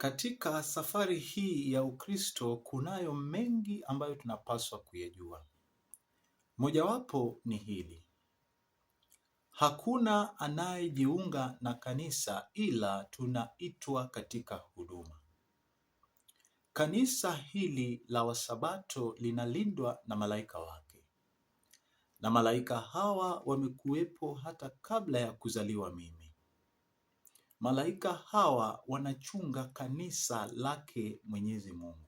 Katika safari hii ya Ukristo kunayo mengi ambayo tunapaswa kuyajua. Mojawapo ni hili. Hakuna anayejiunga na kanisa ila tunaitwa katika huduma. Kanisa hili la Wasabato linalindwa na malaika wake. Na malaika hawa wamekuwepo hata kabla ya kuzaliwa mimi. Malaika hawa wanachunga kanisa lake Mwenyezi Mungu.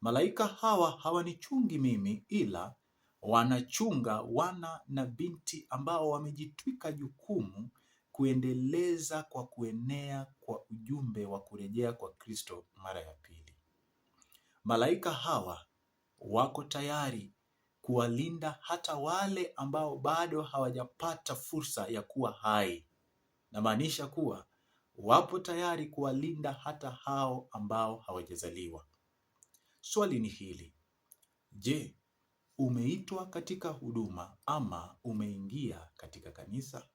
Malaika hawa hawanichungi mimi, ila wanachunga wana na binti ambao wamejitwika jukumu kuendeleza kwa kuenea kwa ujumbe wa kurejea kwa Kristo mara ya pili. Malaika hawa wako tayari kuwalinda hata wale ambao bado hawajapata fursa ya kuwa hai namaanisha kuwa wapo tayari kuwalinda hata hao ambao hawajazaliwa. Swali ni hili: je, umeitwa katika huduma ama umeingia katika kanisa?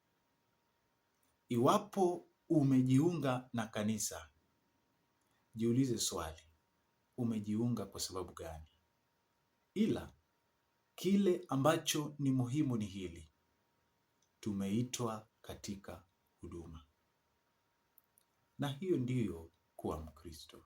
Iwapo umejiunga na kanisa, jiulize swali, umejiunga kwa sababu gani? Ila kile ambacho ni muhimu ni hili, tumeitwa katika na hiyo ndiyo kuwa Mkristo.